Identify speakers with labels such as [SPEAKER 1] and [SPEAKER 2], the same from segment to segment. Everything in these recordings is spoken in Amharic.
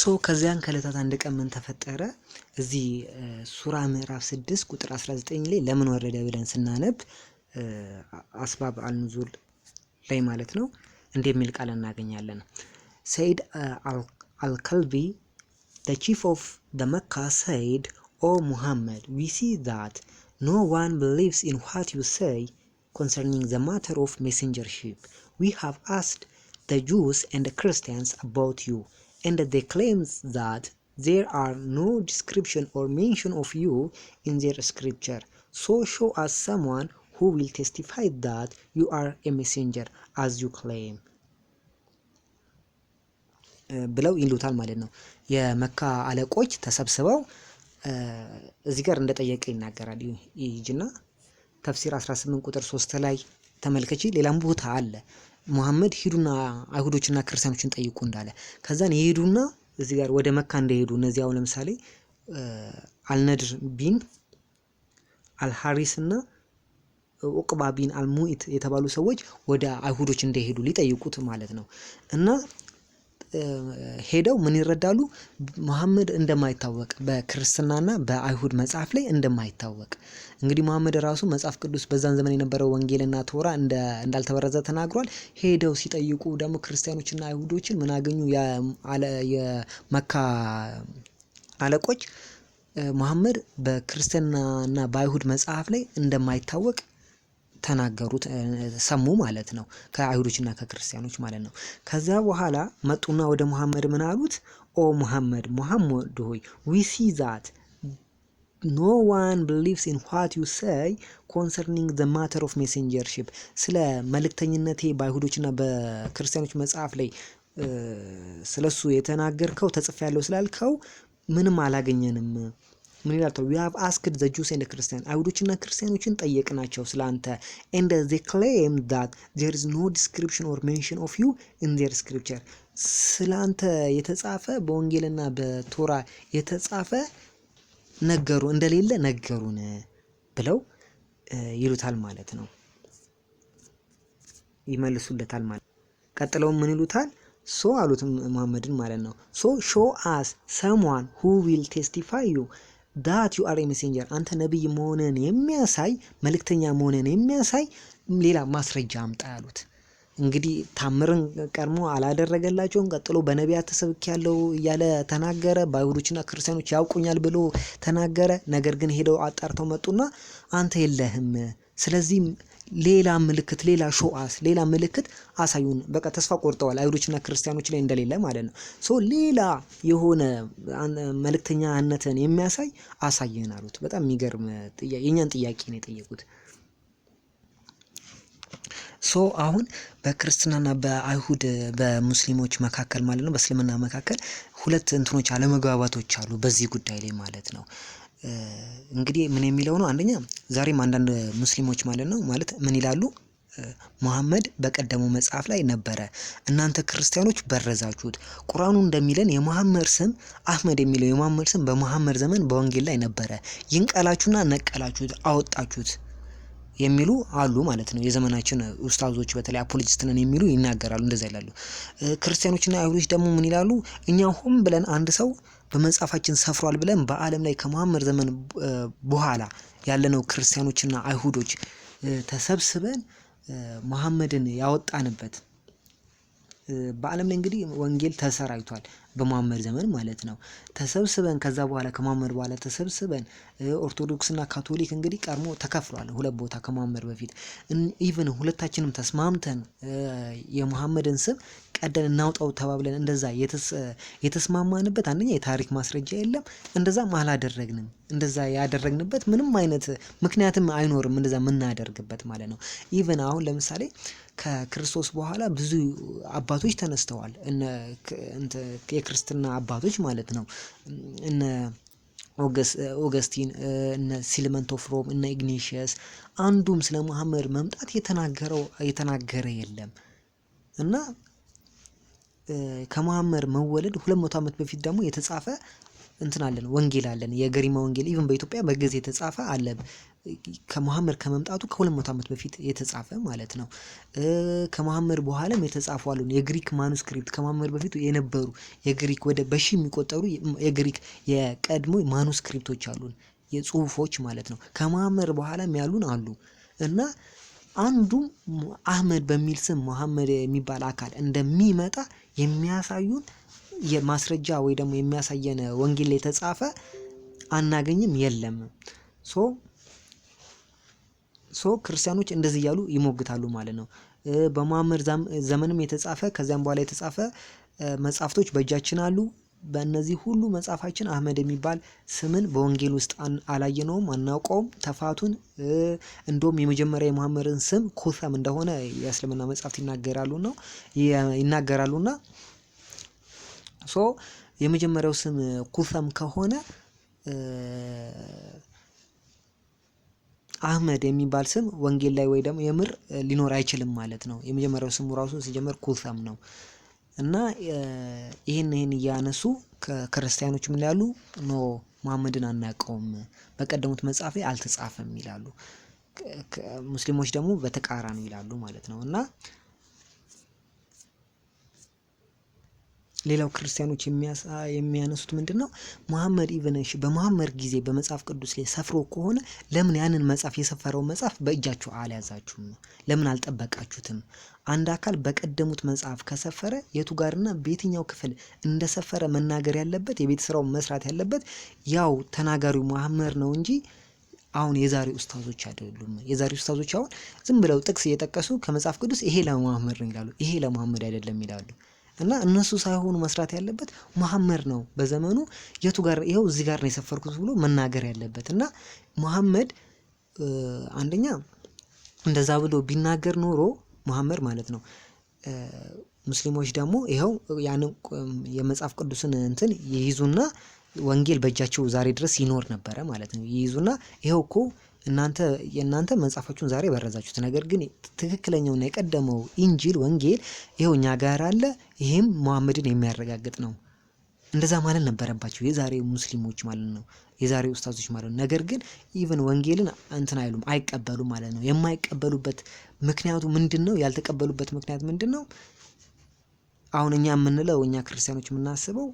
[SPEAKER 1] ሶ ከዚያን ከእለታት አንድ ቀን ምን ተፈጠረ? እዚህ ሱራ ምዕራፍ 6 ቁጥር 19 ላይ ለምን ወረደ ብለን ስናነብ አስባብ አልኑዙል ላይ ማለት ነው እንደሚል ቃል እናገኛለን። ሰይድ አልከልቢ ደ ቺፍ ኦፍ ደ መካ ሰይድ ኦ ሙሐመድ ዊ ሲ ዛት ኖ ዋን ብሊቭስ ኢን ዋት ዩ ሰይ ኮንሰርኒንግ ዘ ማተር ኦፍ ሜሴንጀርሺፕ ዊ ሃቭ አስድ ደ ጁስ ኤንድ ክርስቲያንስ አባውት ዩ and they claim that there are no description or mention of you in their scripture. So show us someone who will testify that you are a messenger as you claim ብለው ይሉታል ማለት ነው። የመካ አለቆች ተሰብስበው እዚህ ጋር እንደጠየቀ ይናገራል። ይጅና ተፍሲር 18 ቁጥር 3 ላይ ተመልከቺ። ሌላም ቦታ አለ ሙሐመድ ሂዱና አይሁዶችና ክርስቲያኖችን ጠይቁ እንዳለ ከዛን የሄዱና እዚህ ጋር ወደ መካ እንደሄዱ እነዚህ አሁን ለምሳሌ አልነድር ቢን አልሐሪስ እና ኡቅባ ቢን አልሙኢት የተባሉ ሰዎች ወደ አይሁዶች እንደሄዱ ሊጠይቁት ማለት ነው እና ሄደው ምን ይረዳሉ መሐመድ እንደማይታወቅ በክርስትናና በአይሁድ መጽሐፍ ላይ እንደማይታወቅ እንግዲህ መሐመድ ራሱ መጽሐፍ ቅዱስ በዛን ዘመን የነበረው ወንጌልና ቶራ እንዳልተበረዘ ተናግሯል። ሄደው ሲጠይቁ ደግሞ ክርስቲያኖችና አይሁዶችን ምን አገኙ የመካ አለቆች መሀመድ በክርስትናና በአይሁድ መጽሐፍ ላይ እንደማይታወቅ ተናገሩት ሰሙ ማለት ነው። ከአይሁዶችና ከክርስቲያኖች ማለት ነው። ከዛ በኋላ መጡና ወደ ሙሐመድ ምን አሉት? ኦ ሙሐመድ ሙሐመድ ሆይ ዊ ሲ ዛት ኖ ዋን ብሊቭስ ኢን ዋት ዩ ሰይ ኮንሰርኒንግ ዘ ማተር ኦፍ ሜሴንጀርሺፕ ስለ መልእክተኝነቴ በአይሁዶችና በክርስቲያኖች መጽሐፍ ላይ ስለሱ የተናገርከው ተጽፌ ያለው ስላልከው ምንም አላገኘንም። ምን ይላል? ዊ ሃቭ አስክድ ዘ ጁስ ኤንድ ክርስቲያን አይሁዶችና ክርስቲያኖችን ጠየቅናቸው ስለ አንተ ኤንድ ዜ ክሌም ዳት ዜር ኢዝ ኖ ዲስክሪፕሽን ኦር ሜንሽን ኦፍ ዩ ኢን ዜር ስክሪፕቸር ስለ የተጻፈ በወንጌልና በቶራ የተጻፈ ነገሩ እንደሌለ ነገሩን ብለው ይሉታል ማለት ነው። ይመልሱለታል ማለት ቀጥለው ምን ይሉታል? ሶ አሉት መሐመድን ማለት ነው። ሶ ሾ አስ ሰምዋን ሁ ዊል ቴስቲፋይ ዩ ዳት ዩ አር ሜሴንጀር አንተ ነቢይ መሆንን የሚያሳይ መልእክተኛ መሆንን የሚያሳይ ሌላ ማስረጃ አምጣ ያሉት። እንግዲህ ታምርን ቀድሞ አላደረገላቸውም። ቀጥሎ በነቢያት ተሰብክ ያለው እያለ ተናገረ። በአይሁዶችና ክርስቲያኖች ያውቁኛል ብሎ ተናገረ። ነገር ግን ሄደው አጣርተው መጡና አንተ የለህም ስለዚህ ሌላ ምልክት ሌላ ሾአስ ሌላ ምልክት አሳዩን። በቃ ተስፋ ቆርጠዋል አይሁዶችና ክርስቲያኖች ላይ እንደሌለ ማለት ነው። ሶ ሌላ የሆነ መልእክተኛነትን የሚያሳይ አሳየን አሉት። በጣም የሚገርም ጥያቄ፣ የእኛን ጥያቄ ነው የጠየቁት። ሶ አሁን በክርስትናና በአይሁድ በሙስሊሞች መካከል ማለት ነው በእስልምና መካከል ሁለት እንትኖች አለመግባባቶች አሉ በዚህ ጉዳይ ላይ ማለት ነው። እንግዲህ ምን የሚለው ነው አንደኛ ዛሬም አንዳንድ ሙስሊሞች ማለት ነው ማለት ምን ይላሉ መሐመድ በቀደመው መጽሐፍ ላይ ነበረ እናንተ ክርስቲያኖች በረዛችሁት ቁርአኑ እንደሚለን የመሐመድ ስም አህመድ የሚለው የመሐመድ ስም በመሐመድ ዘመን በወንጌል ላይ ነበረ ይንቀላችሁና ነቀላችሁት አወጣችሁት የሚሉ አሉ ማለት ነው። የዘመናችን ኡስታዞች በተለይ አፖሎጂስት ነን የሚሉ ይናገራሉ፣ እንደዛ ይላሉ። ክርስቲያኖችና አይሁዶች ደግሞ ምን ይላሉ? እኛ ሆን ብለን አንድ ሰው በመጽሐፋችን ሰፍሯል ብለን በዓለም ላይ ከመሐመድ ዘመን በኋላ ያለነው ክርስቲያኖችና አይሁዶች ተሰብስበን መሐመድን ያወጣንበት በዓለም ላይ እንግዲህ ወንጌል ተሰራጭቷል። በመሐመድ ዘመን ማለት ነው። ተሰብስበን ከዛ በኋላ ከመሐመድ በኋላ ተሰብስበን ኦርቶዶክስና ካቶሊክ እንግዲህ ቀድሞ ተከፍሏል ሁለት ቦታ ከመሐመድ በፊት ኢቨን ሁለታችንም ተስማምተን የሙሐመድን ስም ቀደን እናውጣው ተባብለን እንደዛ የተስማማንበት አንደኛ የታሪክ ማስረጃ የለም። እንደዛም አላደረግንም። እንደዛ ያደረግንበት ምንም አይነት ምክንያትም አይኖርም። እንደዛ የምናደርግበት ማለት ነው። ኢቨን አሁን ለምሳሌ ከክርስቶስ በኋላ ብዙ አባቶች ተነስተዋል። የክርስትና አባቶች ማለት ነው እነ ኦገስቲን እነ ሮም እነ ኢግኒሽየስ አንዱም ስለ መሐመድ መምጣት የተናገረው የተናገረ የለም እና ከመሐመድ መወለድ ሁለት መቶ ዓመት በፊት ደግሞ የተጻፈ እንትን አለን ወንጌል አለን የገሪማ ወንጌል ኢቭን በኢትዮጵያ በግዕዝ የተጻፈ አለ ከመሀመድ ከመምጣቱ ከ200 ዓመት በፊት የተጻፈ ማለት ነው። ከመሀመድ በኋላም የተጻፉ አሉ። የግሪክ ማኑስክሪፕት ከመሀመድ በፊት የነበሩ የግሪክ ወደ በሺ የሚቆጠሩ የግሪክ የቀድሞ ማኑስክሪፕቶች አሉን የጽሁፎች ማለት ነው። ከመሀመድ በኋላም ያሉን አሉ እና አንዱም አህመድ በሚል ስም መሀመድ የሚባል አካል እንደሚመጣ የሚያሳዩን የማስረጃ ወይ ደግሞ የሚያሳየን ወንጌል የተጻፈ አናገኝም የለም ሶ ሶ ክርስቲያኖች እንደዚህ እያሉ ይሞግታሉ ማለት ነው። በመሀመድ ዘመንም የተጻፈ ከዚያም በኋላ የተጻፈ መጽሐፍቶች በእጃችን አሉ። በእነዚህ ሁሉ መጽሐፋችን አህመድ የሚባል ስምን በወንጌል ውስጥ አላየነውም፣ አናውቀውም። ተፋቱን እንዲሁም የመጀመሪያ የመሐመድን ስም ኩሰም እንደሆነ የእስልምና መጽሐፍት ይናገራሉ ነው ና ሶ የመጀመሪያው ስም ኩሰም ከሆነ አህመድ የሚባል ስም ወንጌል ላይ ወይ ደግሞ የምር ሊኖር አይችልም ማለት ነው። የመጀመሪያው ስሙ ራሱ ሲጀመር ኩልተም ነው። እና ይህን ይህን እያነሱ ከክርስቲያኖች ምን ያሉ ኖ መሐመድን አናውቀውም፣ በቀደሙት መጽሐፍ አልተጻፈም ይላሉ። ሙስሊሞች ደግሞ በተቃራኒ ይላሉ ማለት ነው እና ሌላው ክርስቲያኖች የሚያነሱት ምንድነው? መሐመድ ኢብን እሺ በመሐመድ ጊዜ በመጽሐፍ ቅዱስ ላይ ሰፍሮ ከሆነ ለምን ያንን መጽሐፍ የሰፈረውን መጽሐፍ በእጃችሁ አልያዛችሁም ነው? ለምን አልጠበቃችሁትም? አንድ አካል በቀደሙት መጽሐፍ ከሰፈረ የቱ ጋርና በየትኛው ክፍል እንደሰፈረ መናገር ያለበት የቤት ስራው መስራት ያለበት ያው ተናጋሪው መሐመድ ነው እንጂ አሁን የዛሬ ኡስታዞች አይደሉም። የዛሬ ኡስታዞች አሁን ዝም ብለው ጥቅስ እየጠቀሱ ከመጽሐፍ ቅዱስ ይሄ ለመሐመድ ነው ይላሉ፣ ይሄ ለመሐመድ አይደለም ይላሉ። እና እነሱ ሳይሆኑ መስራት ያለበት መሐመድ ነው። በዘመኑ የቱ ጋር ይኸው እዚህ ጋር ነው የሰፈርኩት ብሎ መናገር ያለበት እና መሐመድ አንደኛ እንደዛ ብሎ ቢናገር ኖሮ መሐመድ ማለት ነው። ሙስሊሞች ደግሞ ይኸው ያን የመጽሐፍ ቅዱስን እንትን ይይዙና ወንጌል በእጃቸው ዛሬ ድረስ ይኖር ነበረ ማለት ነው። ይይዙና ይኸው እኮ እናንተ የእናንተ መጽሐፋችሁን ዛሬ በረዛችሁት፣ ነገር ግን ትክክለኛውና የቀደመው ኢንጂል ወንጌል ይኸው እኛ ጋር አለ። ይህም መሐመድን የሚያረጋግጥ ነው። እንደዛ ማለት ነበረባቸው የዛሬ ሙስሊሞች ማለት ነው፣ የዛሬ ኡስታዞች ማለት ነው። ነገር ግን ኢቨን ወንጌልን እንትን አይሉም አይቀበሉም ማለት ነው። የማይቀበሉበት ምክንያቱ ምንድን ነው? ያልተቀበሉበት ምክንያት ምንድን ነው? አሁን እኛ የምንለው እኛ ክርስቲያኖች የምናስበው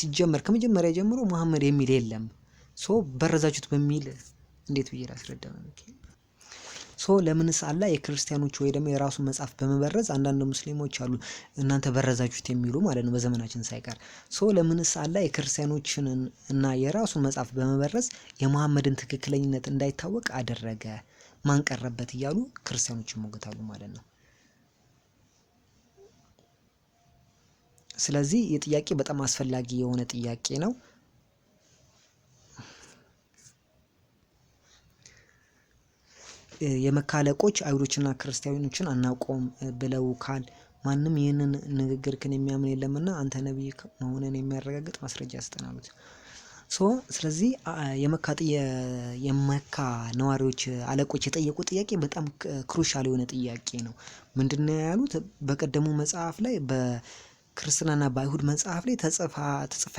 [SPEAKER 1] ሲጀመር ከመጀመሪያ ጀምሮ መሐመድ የሚል የለም ሶ በረዛችሁት በሚል እንዴት ብዬ ላስረዳ ሶ ለምንስ አላ የክርስቲያኖች ወይ ደግሞ የራሱን መጽሐፍ በመበረዝ አንዳንድ ሙስሊሞች አሉ እናንተ በረዛችሁት የሚሉ ማለት ነው በዘመናችን ሳይቀር ሶ ለምንስ አላ የክርስቲያኖችን እና የራሱን መጽሐፍ በመበረዝ የመሐመድን ትክክለኝነት እንዳይታወቅ አደረገ ማንቀረበት እያሉ ክርስቲያኖች ይሞገታሉ ማለት ነው ስለዚህ የጥያቄ በጣም አስፈላጊ የሆነ ጥያቄ ነው የመካ አለቆች አይሁዶችና ክርስቲያኖችን አናውቀውም ካል ማንም ይህንን ክን የሚያምን የለምና አንተ ነቢይ መሆንን የሚያረጋግጥ ማስረጃ ስጠን አሉት። ሶ ስለዚህ የመካ ነዋሪዎች አለቆች የጠየቁ ጥያቄ በጣም ክሩሻል የሆነ ጥያቄ ነው። ምንድን ነው ያሉት? በቀደሙ መጽሐፍ ላይ ክርስትናና በአይሁድ መጽሐፍ ላይ ተጽፋ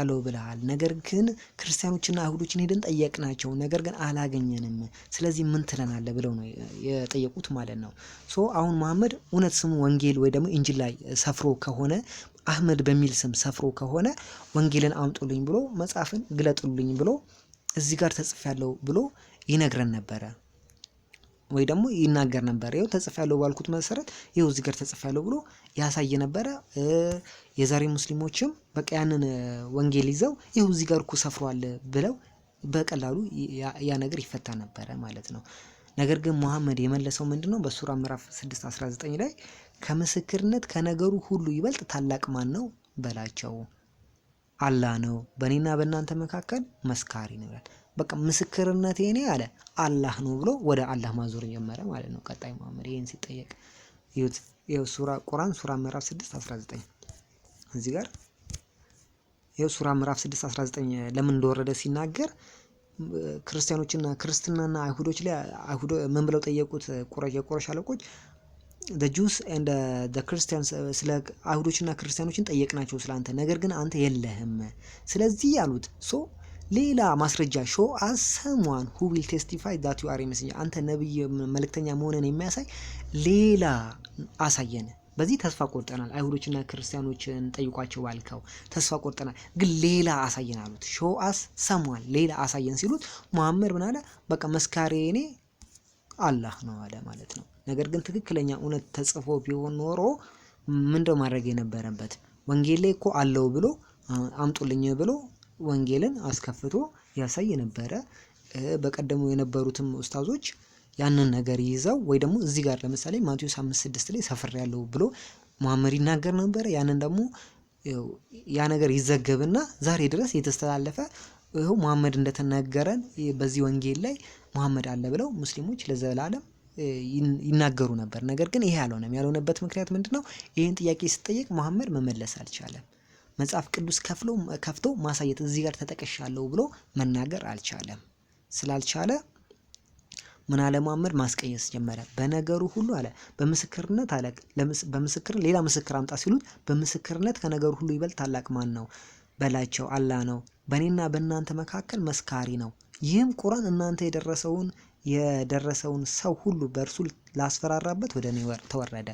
[SPEAKER 1] ያለው ብለሃል። ነገር ግን ክርስቲያኖችና አይሁዶችን ሄደን ጠየቅናቸው፣ ነገር ግን አላገኘንም። ስለዚህ ምን ትለናለ? ብለው ነው የጠየቁት ማለት ነው። ሶ አሁን መሐመድ እውነት ስሙ ወንጌል ወይ ደግሞ ኢንጂል ላይ ሰፍሮ ከሆነ አህመድ በሚል ስም ሰፍሮ ከሆነ ወንጌልን አምጡልኝ ብሎ መጽሐፍን ግለጡልኝ ብሎ እዚህ ጋር ያለው ብሎ ይነግረን ነበረ። ወይ ደግሞ ይናገር ነበር። ይኸው ያለው ባልኩት መሰረት ይኸው እዚህ ጋር ያለው ብሎ ያሳይ ነበረ። የዛሬ ሙስሊሞችም በቃ ያንን ወንጌል ይዘው ይኸው እዚህ ጋር እኮ ሰፍሯል ብለው በቀላሉ ያ ነገር ይፈታ ነበረ ማለት ነው። ነገር ግን መሐመድ የመለሰው ምንድን ነው? በሱራ ምዕራፍ 6 19 ላይ ከምስክርነት ከነገሩ ሁሉ ይበልጥ ታላቅ ማን ነው በላቸው፣ አላ ነው፣ በእኔና በእናንተ መካከል መስካሪ ነው ይላል። በቃ ምስክርነት የኔ አለ አላህ ነው ብሎ ወደ አላህ ማዞር ጀመረ ማለት ነው። ቀጣይ መሐመድ ይህን ሲጠየቅ ሱራ ቁርአን ሱራ ምዕራፍ 6 19 እዚህ ጋር ይኸው ሱራ ምዕራፍ 6 19 ለምን እንደወረደ ሲናገር ክርስቲያኖችና ክርስትናና አይሁዶች ላይ አይሁዶ ምን ብለው ጠየቁት? ቁረሽ የቁረሽ አለቆች ጁስ ኤንድ ዘ ክርስቲያን ስለ አይሁዶችና ክርስቲያኖችን ጠየቅናቸው ስለ አንተ ነገር ግን አንተ የለህም። ስለዚህ ያሉት ሶ ሌላ ማስረጃ ሾ አዝ ሰምዋን ሁ ዊል ቴስቲፋይ ዛት ዩ አር መስኛ አንተ ነብይ መልእክተኛ መሆንን የሚያሳይ ሌላ አሳየን። በዚህ ተስፋ ቆርጠናል። አይሁዶችና ክርስቲያኖችን ጠይቋቸው ባልከው ተስፋ ቆርጠናል፣ ግን ሌላ አሳየን አሉት። ሾ አስ ሰምዋን ሌላ አሳየን ሲሉት መሐመድ ምን አለ? በቃ መስካሬ እኔ አላህ ነው አለ ማለት ነው። ነገር ግን ትክክለኛ እውነት ተጽፎ ቢሆን ኖሮ ምንድነው ማድረግ የነበረበት? ወንጌል ላይ እኮ አለው ብሎ አምጡልኝ ብሎ ወንጌልን አስከፍቶ ያሳይ ነበረ። በቀደሙ የነበሩትም ኡስታዞች ያንን ነገር ይዘው ወይ ደግሞ እዚህ ጋር ለምሳሌ ማቴዎስ አምስት ስድስት ላይ ሰፍር ያለው ብሎ መሐመድ ይናገር ነበረ። ያንን ደግሞ ያ ነገር ይዘገብና ዛሬ ድረስ የተስተላለፈ ይኸው መሐመድ እንደተናገረን በዚህ ወንጌል ላይ መሐመድ አለ ብለው ሙስሊሞች ለዘላለም ይናገሩ ነበር። ነገር ግን ይሄ አልሆነም። ያልሆነበት ምክንያት ምንድን ነው? ይህን ጥያቄ ስጠየቅ መሐመድ መመለስ አልቻለም። መጽሐፍ ቅዱስ ከፍሎ ከፍቶ ማሳየት እዚህ ጋር ተጠቅሻለሁ ብሎ መናገር አልቻለም። ስላልቻለ ምን አለ መሐመድ ማስቀየስ ጀመረ። በነገሩ ሁሉ አለ በምስክርነት አለ በምስክር ሌላ ምስክር አምጣ ሲሉት በምስክርነት ከነገሩ ሁሉ ይበልጥ ታላቅ ማን ነው በላቸው፣ አላ ነው። በእኔና በእናንተ መካከል መስካሪ ነው። ይህም ቁራን እናንተ የደረሰውን የደረሰውን ሰው ሁሉ በእርሱ ላስፈራራበት ወደ እኔ ተወረደ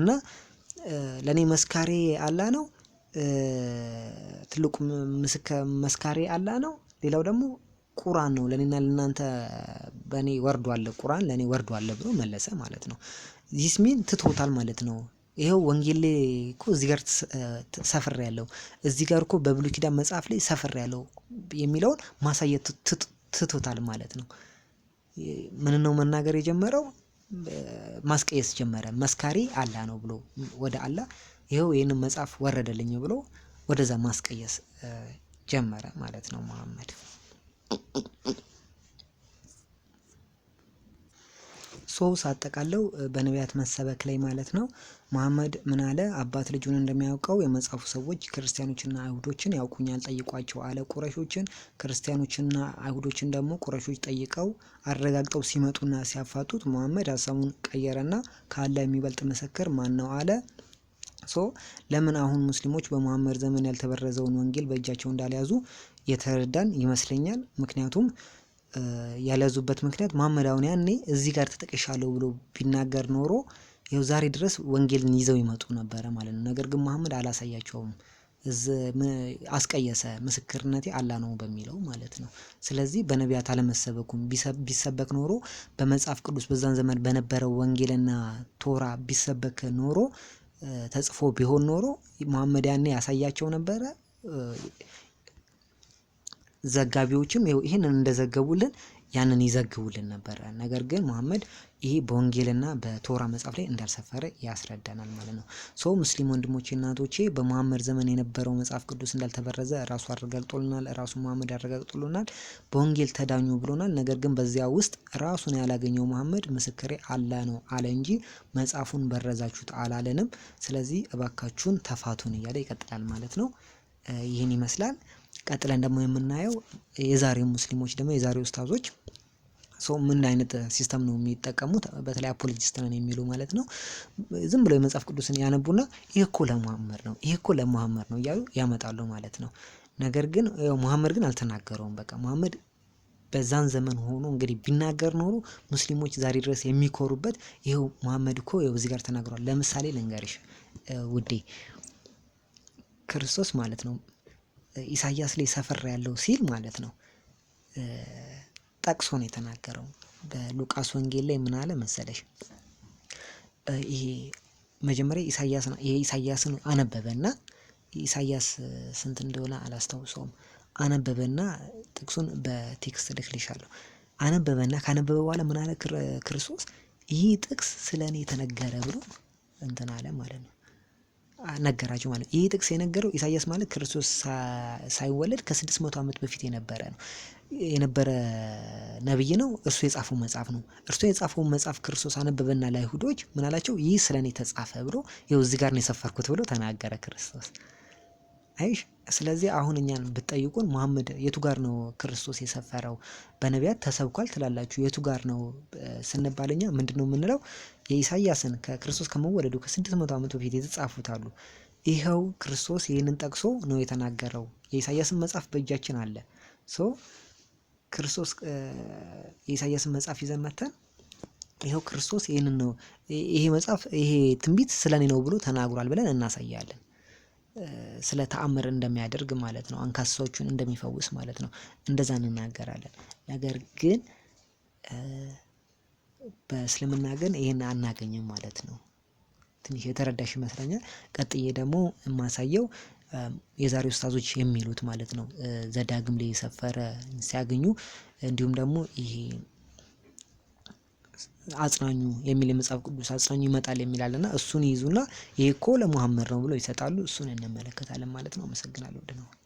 [SPEAKER 1] እና ለእኔ መስካሪ አላ ነው ትልቁ መስካሪ አላህ ነው። ሌላው ደግሞ ቁራን ነው ለእኔና ለእናንተ በእኔ ቁራን ለእኔ ወርዶ አለ ብሎ መለሰ ማለት ነው። ዚስ ሚን ትቶታል ማለት ነው። ይኸው ወንጌል እኮ እዚህ ጋር ያለው እዚህ ጋር እኮ በብሉይ ኪዳን መጽሐፍ ላይ ሰፍር ያለው የሚለውን ማሳየት ትቶታል ማለት ነው። ምን ነው መናገር የጀመረው? ማስቀየስ ጀመረ። መስካሪ አላህ ነው ብሎ ወደ አላህ ይኸው ይህንን መጽሐፍ ወረደልኝ ብሎ ወደዛ ማስቀየስ ጀመረ ማለት ነው መሐመድ። ሶ ሳጠቃለው በነቢያት መሰበክ ላይ ማለት ነው መሐመድ ምን አለ? አባት ልጁን እንደሚያውቀው የመጽሐፉ ሰዎች ክርስቲያኖችና አይሁዶችን ያውቁኛል፣ ጠይቋቸው አለ። ቁረሾችን ክርስቲያኖችና አይሁዶችን ደግሞ ቁረሾች ጠይቀው አረጋግጠው ሲመጡና ሲያፋጡት መሐመድ ሀሳቡን ቀየረና ካለ የሚበልጥ ምስክር ማን ነው አለ። ሶ ለምን አሁን ሙስሊሞች በመሐመድ ዘመን ያልተበረዘውን ወንጌል በእጃቸው እንዳልያዙ የተረዳን ይመስለኛል። ምክንያቱም ያልያዙበት ምክንያት መሐመድ አሁን ያኔ እዚህ ጋር ተጠቅሻለሁ ብሎ ቢናገር ኖሮ ይኸው ዛሬ ድረስ ወንጌልን ይዘው ይመጡ ነበረ ማለት ነው። ነገር ግን መሐመድ አላሳያቸውም አስቀየሰ ምስክርነቴ አላ ነው በሚለው ማለት ነው። ስለዚህ በነቢያት አለመሰበኩም ቢሰበክ ኖሮ በመጽሐፍ ቅዱስ በዛን ዘመን በነበረው ወንጌልና ቶራ ቢሰበክ ኖሮ ተጽፎ ቢሆን ኖሮ መሀመድ ያኔ ያሳያቸው ነበረ። ዘጋቢዎችም ይህንን እንደዘገቡልን ያንን ይዘግቡልን ነበረ። ነገር ግን መሐመድ ይሄ በወንጌልና በቶራ መጽሐፍ ላይ እንዳልሰፈረ ያስረዳናል ማለት ነው። ሰው ሙስሊም ወንድሞቼ እናቶቼ በመሐመድ ዘመን የነበረው መጽሐፍ ቅዱስ እንዳልተበረዘ ራሱ አረጋግጦልናል። ራሱ መሐመድ አረጋግጦልናል። በወንጌል ተዳኙ ብሎናል። ነገር ግን በዚያ ውስጥ ራሱን ያላገኘው መሐመድ ምስክሬ አላ ነው አለ እንጂ መጽሐፉን በረዛችሁት አላለንም። ስለዚህ እባካችሁን ተፋቱን እያለ ይቀጥላል ማለት ነው። ይህን ይመስላል። ቀጥለን ደግሞ የምናየው የዛሬው ሙስሊሞች ደግሞ የዛሬው ውስታዞች ሰው ምን አይነት ሲስተም ነው የሚጠቀሙት? በተለይ አፖሎጂስት ነን የሚሉ ማለት ነው። ዝም ብለው የመጽሐፍ ቅዱስን ያነቡና ይህ እኮ ለሙሐመድ ነው፣ ይህ እኮ ለሙሐመድ ነው እያሉ ያመጣሉ ማለት ነው። ነገር ግን ሙሐመድ ግን አልተናገረውም። በቃ ሙሐመድ በዛን ዘመን ሆኖ እንግዲህ ቢናገር ኖሮ ሙስሊሞች ዛሬ ድረስ የሚኮሩበት ይኸው ሙሐመድ እኮ እዚህ ጋር ተናግሯል። ለምሳሌ ልንገርሽ ውዴ ክርስቶስ ማለት ነው ኢሳያስ ላይ ሰፈር ያለው ሲል ማለት ነው ጠቅሶ ነው የተናገረው። በሉቃስ ወንጌል ላይ ምን አለ መሰለሽ? ይሄ መጀመሪያ ኢሳያስ ይሄ ኢሳያስን አነበበና ኢሳያስ ስንት እንደሆነ አላስታውሰውም። አነበበና ጥቅሱን በቴክስት ልክልሻለሁ። አነበበና ካነበበ በኋላ ምን አለ ክርስቶስ ይህ ጥቅስ ስለ እኔ የተነገረ ብሎ እንትን አለ ማለት ነው። ነገራቸው ማለት ይህ ጥቅስ የነገረው ኢሳያስ ማለት ክርስቶስ ሳይወለድ ከስድስት መቶ ዓመት በፊት የነበረ ነው የነበረ ነብይ ነው። እርሱ የጻፈው መጽሐፍ ነው። እርሱ የጻፈውን መጽሐፍ ክርስቶስ አነበበና ለአይሁዶች ምን አላቸው? ይህ ስለ እኔ ተጻፈ ብሎ ይኸው እዚህ ጋር ነው የሰፈርኩት ብሎ ተናገረ ክርስቶስ። አይሽ ስለዚህ አሁን እኛን ብትጠይቁን መሐመድ የቱ ጋር ነው ክርስቶስ የሰፈረው በነቢያት ተሰብኳል ትላላችሁ የቱ ጋር ነው ስንባል እኛ ምንድን ነው የምንለው የኢሳያስን ከክርስቶስ ከመወለዱ ከስድስት መቶ ዓመት በፊት የተጻፉት አሉ ይኸው ክርስቶስ ይህንን ጠቅሶ ነው የተናገረው የኢሳያስን መጽሐፍ በእጃችን አለ ሶ ክርስቶስ የኢሳያስን መጽሐፍ ይዘን መተን ይኸው ክርስቶስ ይህንን ነው ይሄ መጽሐፍ ይሄ ትንቢት ስለኔ ነው ብሎ ተናግሯል ብለን እናሳያለን ስለ ተአምር እንደሚያደርግ ማለት ነው። አንካሳዎቹን እንደሚፈውስ ማለት ነው። እንደዛ እንናገራለን። ነገር ግን በእስልምና ግን ይህን አናገኝም ማለት ነው። ትንሽ የተረዳሽ ይመስለኛል። ቀጥዬ ደግሞ የማሳየው የዛሬ ውስታዞች የሚሉት ማለት ነው። ዘዳግም ላይ የሰፈረ ሲያገኙ እንዲሁም ደግሞ ይሄ አጽናኙ የሚል የመጽሐፍ ቅዱስ አጽናኙ ይመጣል የሚላል እሱን ይይዙና ይሄ እኮ ለሙሐመድ ነው ብለው ይሰጣሉ። እሱን እንመለከታለን ማለት ነው። አመሰግናለሁ ድነዋል